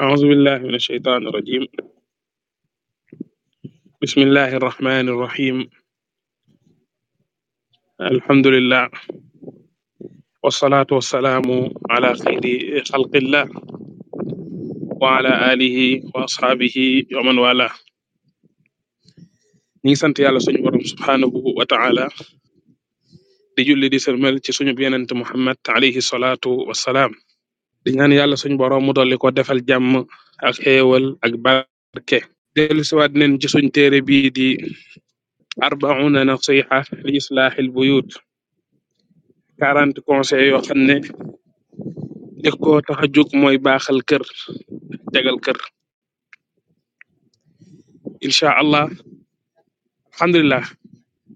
أعوذ بالله من الشيطان الرجيم بسم الله الرحمن الرحيم الحمد لله والصلاة والسلام على خير خلق الله وعلى آله وأصحابه ومن والاه ñi ngi sant yàlla suñu borom subhaanahu wa taala di julli di sërmel ci suñu yenent Muhammad alayhi salaatu wa salaam di ñaan yàlla suñu borom mu dolli ko defal jàmm ak xéewal ak barke dellu siwaat neen ci suñ téere bii di arbauna nasiha li islaaxil buyut quarante conseil yoo xam ne li ko tax a jóg mooy baaxal kër jagal kër incha allah alhamdulilah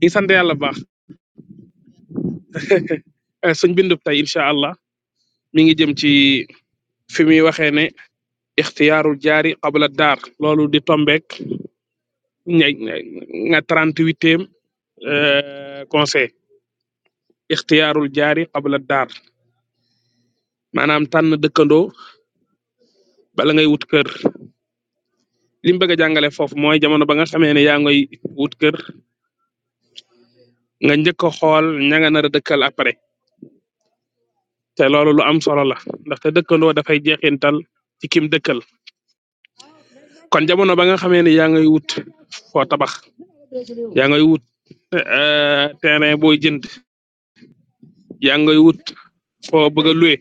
ñi sant yàlla baax suñ bindub tey incha allah mi ngi jëm ci fi muy waxee ne ixtiyaaru jaari qabla daar loolu di tombek ña nga trente huitième euh, conseil ixtiyaarul jaari qabla daar maanaam tànn dëkkandoo bala ngay wut kër li mu bëgg a jàngale foofu mooy jamono ba nga xamee ne yaa ngay wut kër nga njëkk a xool nga nar a dëkkal après te loolu lu am solo la ndaxte dëkkandoo dafay jeexintal ci kim dëkkal kon jamono ba nga xamee ni yaa ngay wut foo tabax yaa ngay wut euh, terrain booy jënd yaa ngay wut foo bëgg a loué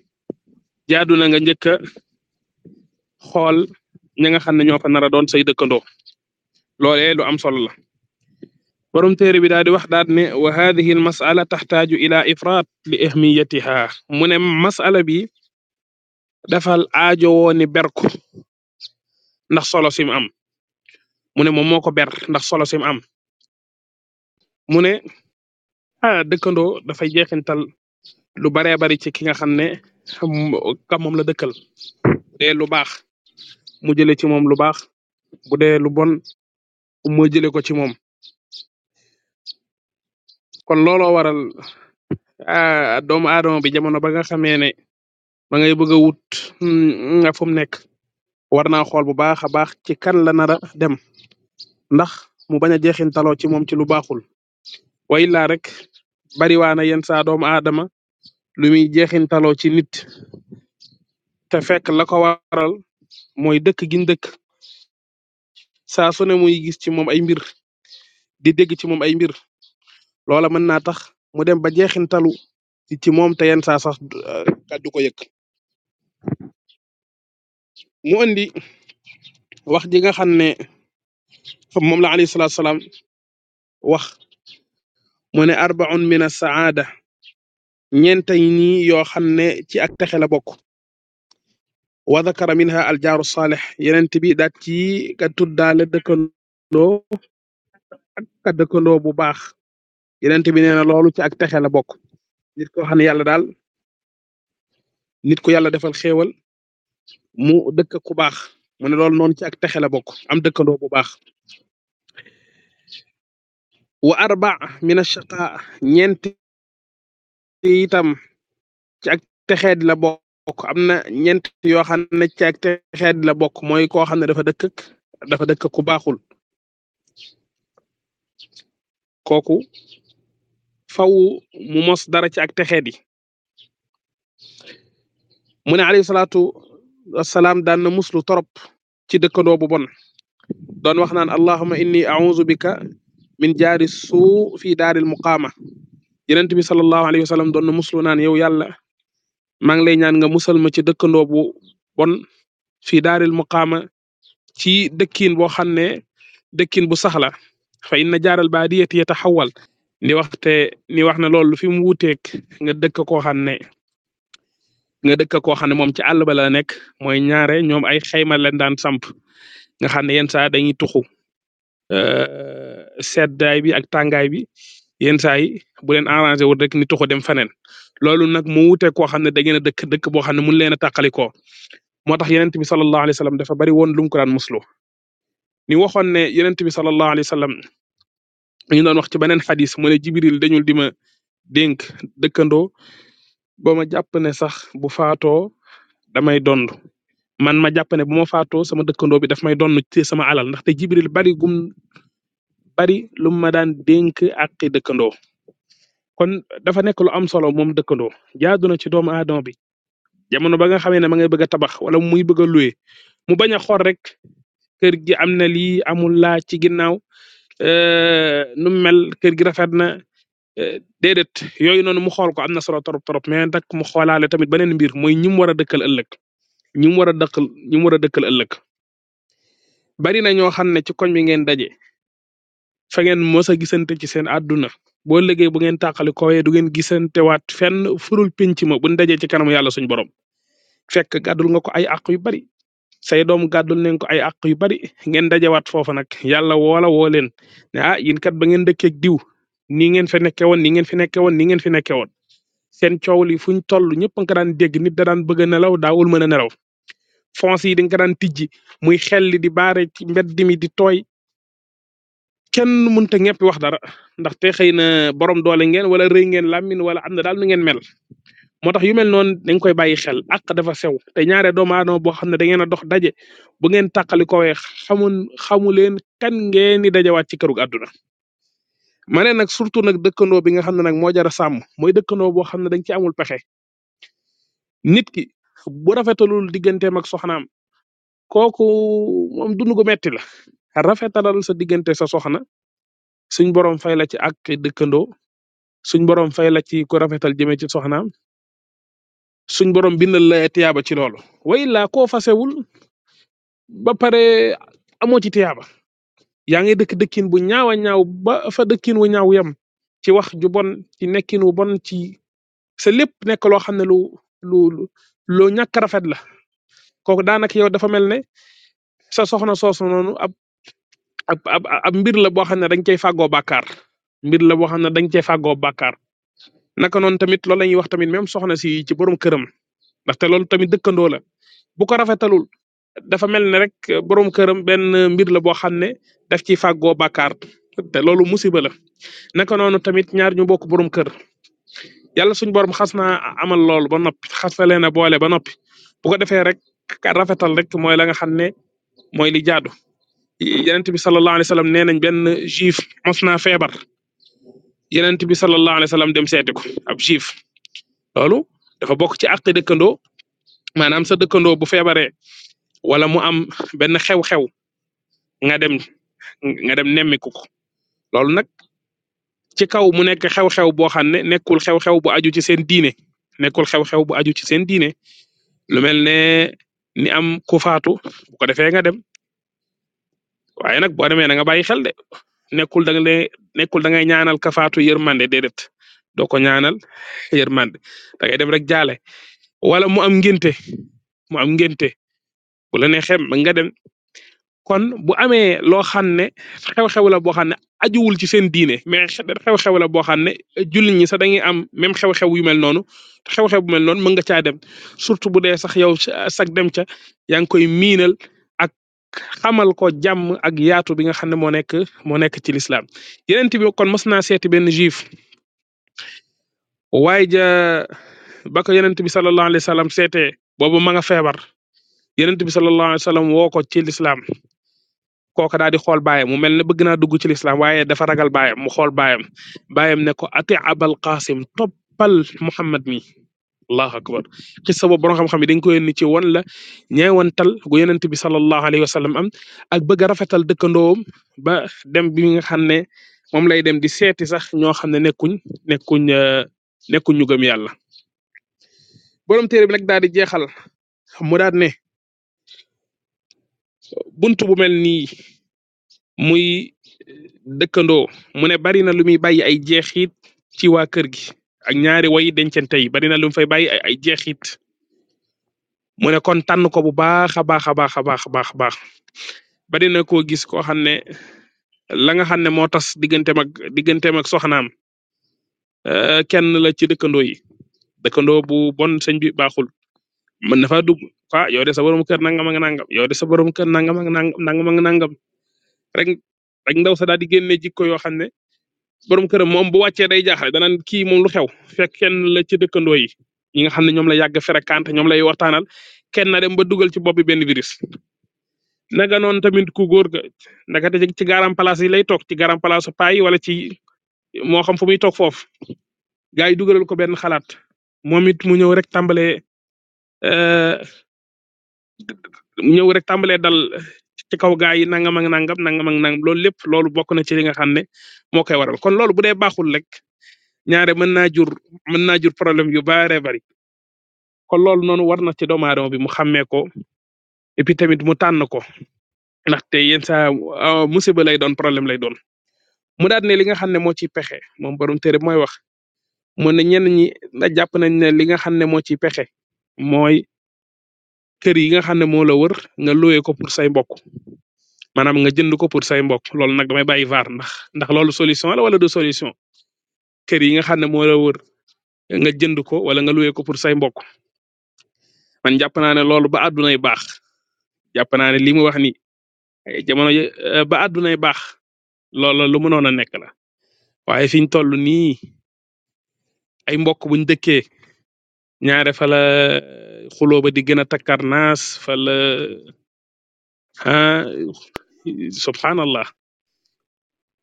jaadu na nga njëkk a xool ñi nga xam ne ñoo fa nar a doon say dëkkandoo loolee lu am solo la. borom téere bi daal di wax daal ne wa haadihi al masala taxtaaju ila ifraat li ahmiyatiha mu ne masala bi dafal aajo woo ni ber ndax solo sim am mu ne moom moo ko ber ndax solo sim am mu ne ah dëkkandoo dafay jeexintal lu baree bari ci ki nga xam ne ka moom la dëkkal bu dee lu baax mu jële ci moom lu baax bu dee lu bon mu jële ko ci moom kon looloo waral a ah, doomu aadama bi jamono ba nga xamee ne ma ngay bëgg wut mm, nga fu mu nekk war naa xool bu baax a baax ci kan la nar dem ndax mu bañ a jeexintaloo ci moom ci lu baaxul way rek bariwaa na yenn saa doomu aadama lu muy jeexintaloo ci nit te fekk la ko waral mooy dëkk gin dëkk saa su ne muy gis ci moom ay mbir di dégg ci moom ay mbir loola mën naa tax mu dem ba jeexintalu ci moom te yenn saa sax euh, du ko mu andi wax ji nga xam ne moom la alayhi salaatu wax mu ne arbaun min saada ñeenta ñi yoo xam ne ci ak texe la bokk wadakara dakara minha al jaaru saalix yenent bi daat ci ka tuddaale dëkkandoo ak ka dëkkandoo bu baax yeneen bi nee na loolu ci ak texe la bokk nit koo xam ne yàlla daal nit ku yàlla defal xéewal mu dëkk ku baax mu ne loolu noonu ci ak texe la bokk am dëkkandoo bu baax wa arba min ash-shaqa ñeenti itam ci ak texee di la bokk am na yoo xam ne ci ak texee di la bokk mooy koo xam ne dafa dëkk dafa dëkk ku baaxul faw mu mos dara ci ak texee di mu ne alayhi salaatu wasalaam daan na muslu trop ci dëkkandoo bu bon doon wax naan allahuma inni auzu bika min jaari suu fi daaril muqaama yenent bi sallallahu alayhi wa sallam doon na muslu naan yow yàlla maa ngi lay ñaan nga musal ma ci dëkkandoo bu bon fii daaril muqaama ci dëkkin boo xam ne dëkkin bu saxla fa inna jaaral baadiyati yataxawal ni waxte ni wax na loolu fi mu wuuteeg nga dëkk koo xam ne nga dëkk koo xam ne moom ci àll ba la nekk mooy ñaare ñoom ay xayma leen daan samp nga xam ne yenn saa dañuy tuxu euh, seddaay bi ak tàngaay bi yenn saa yi bu leen arrangé wul rek ni tuxu dem feneen loolu nag mu wuuteeg koo xam ne da ngeen a dëkk dëkk boo xam ne mun leen a tàqalikoo moo tax yenent bi sallallahu alayhi wa sallam dafa bari woon lu daan muslu ni waxoon ne yenent bi sallallahu alayhi ñu doon wax ci beneen xadis mu ne Jibril dañul di ma dénk dëkkandoo ba ma jàpp ne sax bu faatoo damay dond man ma jàpp ne bu ma faatoo sama dëkkandoo bi daf may donn ci sama alal ndaxte Jibril bari gum bari lum ma daan dénk àqi dëkkandoo kon dafa nekk lu am solo moom dëkkandoo jaadu na ci doomu aadama bi jamono ba nga xamee ne ma ngay bëgg tabax wala muy bëgg a loué mu bañ a xool rek kër gi am na lii amul laa ci ginnaaw Euh, nu mu mel kër gi rafet na euh, déedéet yooyu noonu mu xool ko am na solo trop trop mais nag mu xoolaale tamit beneen mbir mooy ñi mu war a dëkkal ëllëg ñi mu war a dëkkal ñi mu a dëkkal ëllëg bari na ñoo xam ne ci koñ bi ngeen daje fa ngeen mos a gisante ci seen àdduna boo liggéey bu ngeen tàqali kooyee du ngeen gisante waat fenn furul penc ma bu daje dajee ci kanamu yàlla suñ borom fekk gàddul nga ko ay àq yu bari say doom gàddul nañ ko ay àq yu bari ngeen dajawaat foofa nag yàlla woola woo leen ne ah yinkat kat ba ngeen dëkkeeg diw nii ngeen fa nekke woon nii ngeen fi nekke woon nii ngeen fi nekke woon seen coow li fuñ toll ñëpp nga daan dégg nit da daan bëgg nelaw daawul mën a nelaw fonce yi dañ ko daan tijji muy xel li di baare ci mbedd mi di tooy kenn mënta ñëpp wax dara ndaxte xëy na borom doole ngeen wala rëy ngeen làmmin wala am na daal nu ngeen mel moo tax yu mel noonu dañ koy bàyyi xel ak dafa sew te ñaare doomu aadama boo xam ne da a dox daje bu ngeen tàqali ko wee xamu xamu leen kan ngeen di dajewaat ci kërug àdduna ma ne nag surtout nag dëkkandoo bi nga xam ne nag moo jar a sàmm mooy dëkkandoo boo xam ne dañ ci amul pexe nit ki bu rafetalul digganteem ak soxnaam kooku moom dund gu metti la rafetalal sa diggante sa soxna suñ borom fay la ci ak dëkkandoo suñ borom fay la ci ku rafetal jëmee ci soxnaam suñ borom bindal la tiyaaba ci loolu wa koo fasewul ba pare amoo ci tiyaaba yaa ngi dëkk dëkkin bu ñaawa ñaaw ba fa dëkkin wu ñaaw yem ci wax ju bon ci nekkin wu ci sa lépp nekk loo xam ne lu lu lu ñàkk rafet la kooku daanaka yow dafa mel ne sa soxna soosu noonu mbir la boo xam ne dañ cey fàggoo bàkkaar mbir la boo xam ne dañ cey fàggoo bàkkaar naka noonu tamit loolu la ñuy wax tamit même soxna si ci borom këram ndaxte loolu tamit dëkkandoo la bu ko rafetalul dafa mel ne rek borom këram benn mbir la boo xam ne daf ciy fàggoo bàkkaar te loolu musiba la naka noonu tamit ñaar ñu bokk borom kër yàlla suñ borom xas naa amal loolu ba noppi xas na leen a boole ba noppi bu ko defee rek rafetal rek mooy la nga xam ne mooy li jaadu yeneen bi sallallahu alayhi wa nee nañ benn juif mos naa feebar. yenent bi sallallahu alayhi wa sallam dem seeti ko ab juif loolu dafa bokk ci àq dëkkandoo maanaam sa dëkkandoo bu feebaree wala mu am benn xew-xew nga dem nga dem nemmiku ko loolu nag ci kaw mu nekk xew-xew boo xam ne nekkul xew-xew bu aju ci seen diine nekkul xew-xew bu aju ci seen diine lu mel ne ni am ku faatu bu ko defee nga dem waaye nag boo demee na nga bàyyi xel de nekkul da nga lee nekkul da ngay ñaanal kafaatu yërmande déedéet doo ko ñaanal yërmande da ngay dem rek jaale wala mu am ngénte mu am ngénte bu la neexee mën nga dem kon bu amee loo xam ne xew-xew la boo xam ne ajuwul ci seen diine mais xew-xew la boo xam ne jullit ñi sax dañuy am même xew-xew yu mel noonu xew-xew bu mel noonu mën nga caa dem surtout bu dee sax yow sag dem ca yaa ngi koy miinal xamal ko jàmm ak yaatu bi nga xam ne moo nekk moo nekk ci lislaam yeneen bi kon mos naa seeti benn juif waaye ja ba ko yeneen bi sallallahu alayhi wa sallam seetee boobu ma nga feebar yeneen bi sallallahu alayhi wa sallam woo ko ci lislaam kooka daal di xool baayam mu mel ne bëgg naa dugg ci lislaam waaye dafa ragal baayam mu xool baayam baayam ne ko ati abal qasim toppal muhammad mi allahu akbar xissa boobu borom xam-xam yi dañ koy ni ci won la ñeewantal gu yonent bi sallallahu alayhi wa sallam am ak bëgg a rafetal dëkkandoom ba dem bi nga xam ne moom lay dem di seeti sax ñoo xam ne nekkuñ nekkuñ euh, nekkuñ ñu gëm yàlla. borom téere bi nag daal di jeexal mu daal ne buntu bu mel nii muy dëkkandoo mu ne bari na lu muy bàyyi ay jeexit ci kër gi. ak ñaari wayi dencante yi bari na lu mu fay bàyyi ay ay jeexit mu ne kon tànn ko bu baax a baax a baax a baax a baax a baax bari na koo gis koo xam ne la nga xam ne moo tas digganteem ak digganteem ak soxnaam euh, kenn la ci dëkkandoo yi dëkkandoo bu bon sëñ bi baaxul mën na faa dugg ah yow de sa borom kër nangam ak nangam yow sa borom kër nangam ak nangam nangam ak nangam rek rek ndaw sa daal di génne jikko yoo xam ne borom këram moom bu wàccee day jaaxle danaan kii moom lu xew fekk la ci dëkkandoo yi ñi nga xam ne ñoom la yàgg fréquente ñoom lay waxtaanal kenn dem ba dugal ci bopp bi benn virus. naga noonu tamit ku góor ga ndakate ci garam place yi lay toog ci garam place su wala ci moo xam fu muy toog foofu gars yi dugalal ko benn xalaat moom it mu ñëw rek tàmbalee euh, ñëw rek tàmbalee dal ci kaw gaa yi nangam ak nangam nangam ak nangam loolu lépp loolu bokk na ci li nga xam ne moo koy waral kon loolu bu dee baaxul rek ñaare mën naa jur mën naa jur problème yu bare bari kon loolu noonu war na ci doomu aadama bi mu xàmmee ko et tamit mu tànn ko ndaxte yenn saa ah, musiba lay doon problème lay doon mu daat ne li nga xam ne moo ciy pexe moom borom téere mooy wax mu ne ñenn ñi jàpp nañ ne li nga xam ne moo ciy pexe kër yi nga xam ne moo la wër nga loué ko pour say mbokk maanaam nga jënd ko pour say mbok loolu nag may bàyyi vaar ndax ndax loolu solution la wala de solution kër yi nga xam ne moo la wër nga jënd ko wala nga loué ko pour say mbokk man jàpp naa ne loolu ba àddunay baax jàpp naa ne li mu wax ni jamono ji euh, ba àddunay baax loolu lu mënoon a nekk la waaye fi ñu toll ay mbokk buñ dëkkee ñaare fa xuloo ba di gën a takkar naas fa la ah subhanallah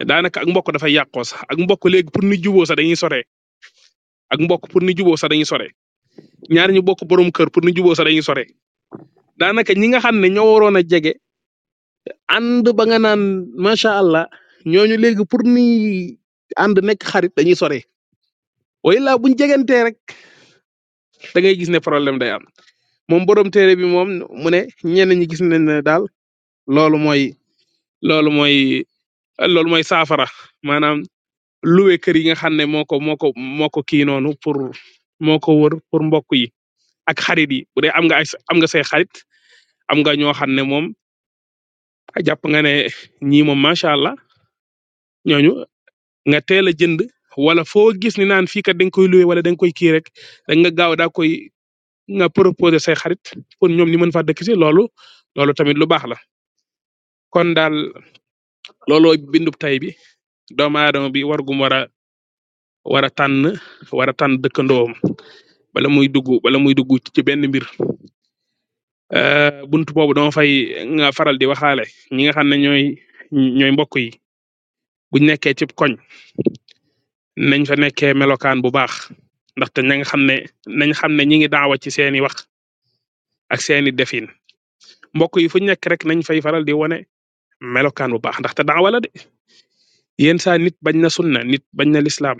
daanaka ak mbokk dafa yàqoo sax ak mbokk léegi pour ni juboo sax dañuy sore ak mbokk pour ni juboo sax dañuy sore ñaar ñu bokk borom kër pour ni juboo sax dañuy sore daanaka ñi nga xam ne ñoo waroon a jege ànd ba nga naan macha allah ñooñu léegi pour ni ànd nekk xarit dañuy sore way laa buñ da ngay gis ne problème day am moom borom téere bi moom mu ne ñenn ñi gis nañ ne daal loolu mooy loolu mooy loolu mooy saafara maanaam loué kër yi nga xam ne moo ko moo ko moo ko kii noonu pour moo ko wër pour mbokk yi ak xarit yi am nga ay am nga say xarit am nga ñoo xam ne moom jàpp nga ne ñii moom macha allah ñooñu nga teel a jënd. wala foo gis ni naan fii kat dañ koy loué wala dañ koy kii rek da nga gaaw daa koy nga proposé say xarit pour ñoom ñu mën faa dëkk si loolu loolu tamit lu baax la kon daal looloo bindub tay bi doomu aadama bi war gum war a war a tànn war a tànn dëkkandoom bala muy dugg bala muy dugg ci benn mbir euh buntu boobu dama fay nga faral di waxaale ñi nga xam ne ñooy ñooy mbokk yi nekkee ci koñ nañ fa nekkee melokaan bu baax ndaxte ña nga xam ne nañ xam ne ñi ngi daawa ci seeni wax ak seeni defin mbokk yi fu nekk rek nañ fay faral di wone melokaan bu baax ndaxte daawa la de yenn nit bañ na sunna nit bañ na lislaam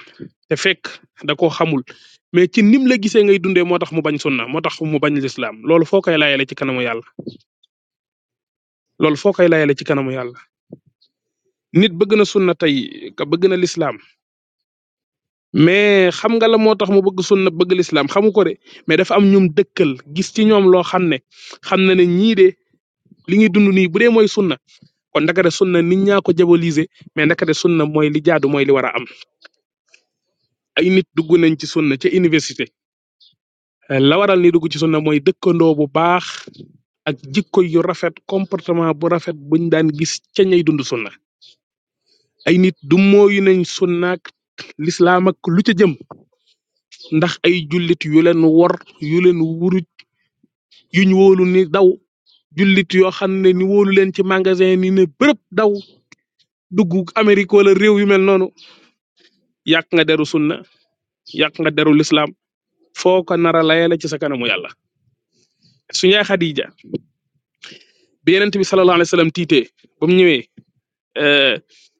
te fekk da koo xamul mais ci nim la gisee ngay dundee moo tax mu bañ sunna moo tax mu bañ lislaam loolu foo koy layale ci kanamu yàlla loolu foo koy layale ci kanamu yàlla nit bëgg na sunna tey ka bëgg na lislaam mais xam nga la moo tax mu bëgg sunna bëgg lislaam xamu ko de mais dafa am ñum dëkkal gis ci ñoom loo xam ne xam na ne ñii de li ñuy dund nii bu dee mooy sunna kon ndakate sunna nit ñaa ko jaboliser mais ndakate sunna mooy li jaadu mooy li war a am ay nit dugg nañ ci sunna ca université lawaral waral ni dugg ci sunna mooy dëkkandoo bu baax ak jikko yu rafet comportement bu rafet buñ daan gis ca ñay dund sunna ay nit du mooyu lislaam ak lu ca jëm ndax ay julit yu leen wor yu leen wuruj yuñ wóolu ni daw julit yoo xam ne ni wóolu leen ci magasin ni ne bërëb daw dugg Amérique wala réew yu mel noonu yàq nga deru sunna yàq nga deru lislaam foo ko nar a layale ci sa kanamu yàlla suñu yaay Xadija bi yonent bi sallallahu alayhi wa sallam ñëwee euh,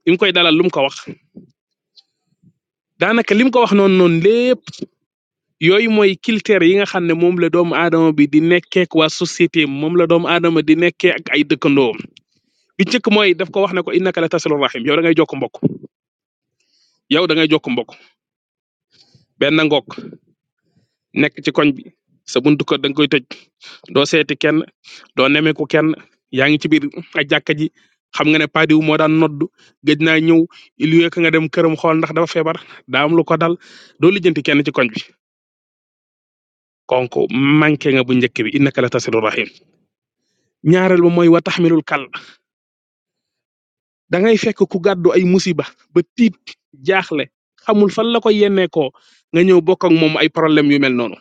bi koy dalal lum mu ko wax daanaka lim ko wax noonu noonu lépp yooyu mooy critères yi nga xam ne moom la doomu aadama bi di nekkee ak waa société moom la doomu aadama di nekkee ak ay dëkkandoom bi njëkk mooy daf ko wax ne ko innaka la tasilu rahim yow da ngay jokk mbokk yow da ngay jokk mbokk benn ngokk nekk ci koñ bi sa buntu ko da nga koy tëj doo seeti kenn doo nemeeku kenn yaa ngi ci biir a ji xam nga ne paa moo daan noddu gëj naa ñëw lieu nga dem këram xool ndax dafa feebar daa am lu ko dal doo lijjanti kenn ci koñ bi konku manqué nga bu njëkk bi innaka la tasiru rahim ñaareel ba mooy wa taxmilul kal da ngay fekk ku gàddu ay musiba ba tiit jaaxle xamul fan la ko yennee koo nga ñëw bokk ak moom ay problème yu mel noonu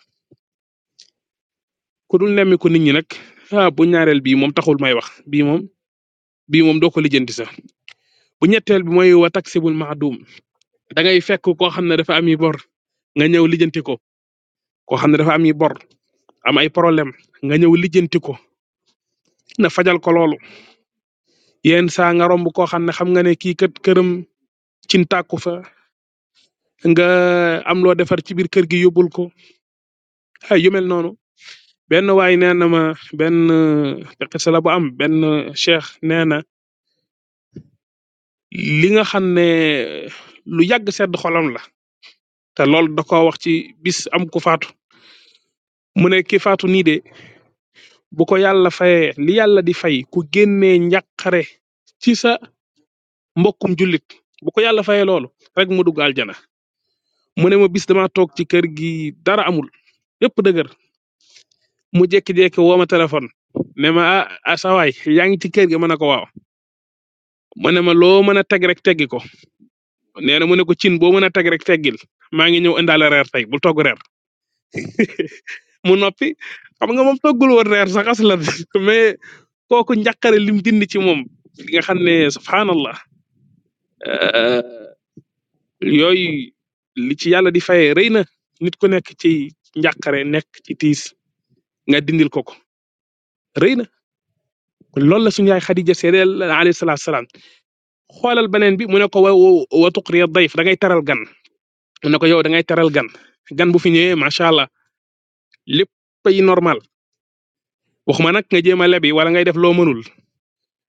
ku dul nemmi nit ñi nag ah bu ñaareel bii moom taxul may wax bii moom bii moom doo ko lijjanti sax ñetteel bi mooy wa taksibul maadum da ngay fekk koo xam ne dafa am bor nga ñëw lijjanti ko koo xam ne dafa am i bor am ay problème nga ñëw lijjanti ko na fajal ko loolu yenn saa nga koo xam ne xam nga ne kii kat këram cintàkku fa nga am loo defar ci biir kër gi yóbbul ko ay yu mel noonu benn waay nee na ma benn te xisa bu am benn cheikh nee na li nga xam ne lu yàgg sedd xolam la te loolu da koo wax ci bis am ku faatu mu ne ki faatu nii de bu ko yàlla fayee li yàlla di fay ku génnee njàqare ci sa mbokkum jullit bu ko yàlla fayee loolu rek mu jana aljana mu ne ma bis dama toog ci kër gi dara amul lépp dëgër mu jékki-jékki woo ma téléphone ne ma ah, ah yaa ngi ci kër gi ma ne ko waaw mu ne ma loo mën a teg rek teggi ko nee na mu ne ko cin boo mën a tegrek rek teggil maa ngi ñëw indaale tey bul togg reer mu noppi xam nga moom toggul woon reer sax aslan mais kooku njàqare lim dindi ci moom li nga xam ne subhanallah euh, yooyu li ci yàlla di fayee rëy na nit ku nekk ci njàqare nekk ci tiis nga dindil ko ko rëy na loolu la suñu yaay Xadija seedeel alayhi salaatu salaam xoolal beneen bi mu ne ko wa wa wa tuqriya dayf da ngay teral gan mu ne ko yow da ngay teral gan gan bu fi ñëwee macha allah lépp ay normal waxuma nag nga jéem a lebi wala ngay def loo mënul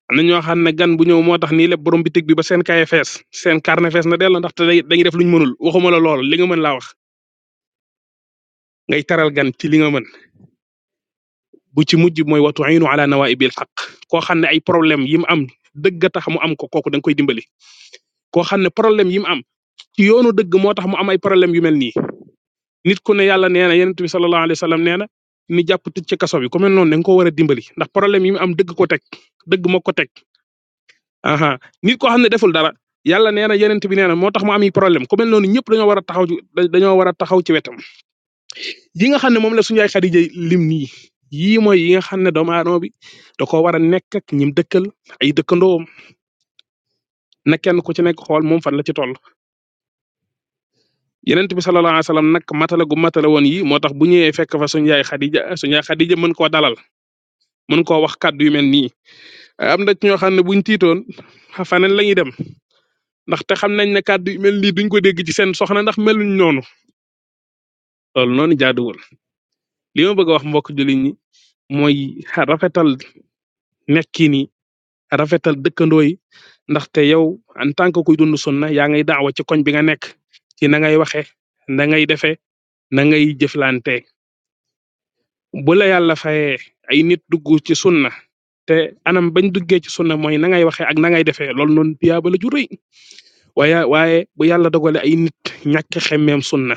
am na ñoo xam ne gan bu ñëw moo tax nii leb borom bitig bi ba seen kaye fees seen carnet fees na delloo ndaxte dañuy def luñ mënul waxuma la lool li mën laa wax ngay teral gan ci li nga mën bu ci mujj mooy watu inu ala nawaibil xaq koo xam ne ay problème yi mu am dëgg tax mu am ko kooku da nga koy dimbali koo xam ne problème yi mu am ci yoonu dëgg moo tax mu am ay problème yu mel nii nit ku ne yàlla nee na yonent bi sallallahu alayhi wa sallam nee na ni jàpp tëj ci kaso bi ku mel noonu da nga ko war a dimbali ndax problème yi mu am dëgg ko teg dëgg moo ko teg aha nit ko xam ne deful dara yàlla nee na yonent bi nee na moo tax mu am i problème ku mel noonu ñëpp dañoo war a taxaw dañoo war a taxaw ci wetam yi nga xam ne moom la suñu yaay Xadija lim nii yii mooy yi nga xam ne doomu aadama bi da koo war a nekk ak ñim dëkkal ay dëkkandoom na kenn ku ci nekk xool moom fan la ci toll yenent bi sallallahu alayhi nag matala gu matala woon yi moo tax bu ñëwee fekk fa suñu yaay Xadija suñu mën koo dalal mën koo wax kàddu yu mel nii am na ñoo xam ne buñ tiitoon faneen la ñuy dem ndaxte xam nañ ne kàddu yu mel nii duñ ko dégg ci seen soxna ndax meluñ noonu loolu noonu jaaduwul li ma bëgg a wax mbokk jullit ñi mooy rafetal nekkin yi rafetal dëkkandoo yi ndaxte yow en tant que kuy dund sunna yaa ngay daawa ci koñ bi nga nekk ci na ngay waxe na ngay defe na ngay jëflante bula la yàlla fayee ay nit dugg ci sunna te anam bañ duggee ci sunna mooy na ngay waxe ak na ngay defee loolu noonu tiyaaba la ju bu yàlla dogale ay nit ñàkk xemmeem sunna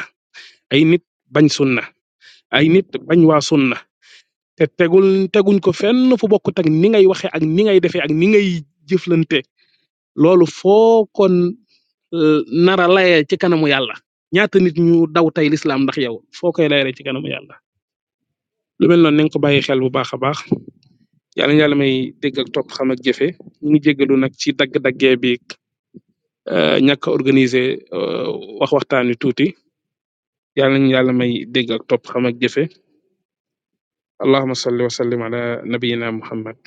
ay nit bañ sunna ay nit bañ waa sunna te tegul teguñ ko fenn fu bokkut ak ni ngay waxee ak ni ngay defee ak ni ngay jëflante loolu foo kon nara layee ci kanamu yàlla ñaata nit ñu daw tey lislaam ndax yow foo koy layee ci kanamu yàlla lu mel noonu nañ ko bàyyi xel bu baax a baax yàlla yàlla may dégg ak topp xam ak jëfe ñu ngi jéggalu nag ci dagg-daggee bi eh, ñàkk a organiser eh, wax waxtaan wi tuuti. yàlla nañu yàlla may dégg ak topp xam ak jëfe allahuma salli wa sallim ala nabiyina muhammad